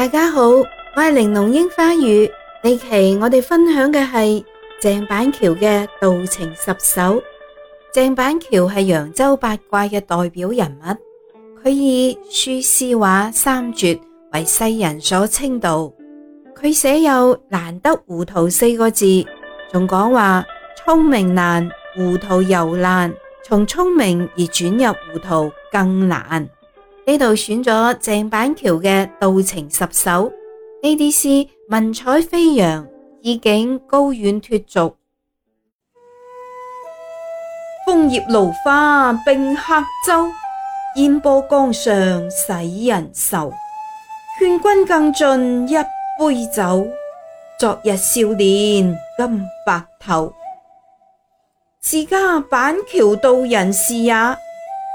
大家好，我係玲瓏櫻花語，呢期我哋分享嘅係鄭板橋嘅《道情十首》。鄭板橋係揚州八怪嘅代表人物，佢以書、詩、畫三絕為世人所稱道。佢寫有“難得糊塗”四個字，仲講話聰明難，糊塗尤難，從聰明而轉入糊塗更難。呢度選咗鄭板橋嘅《道情十首》，呢啲詩文采飛揚，意境高遠脫俗。楓葉蘆花並客舟，煙波江上使人愁。勸君更盡一杯酒，昨日少年今白頭。自家板橋道人是也。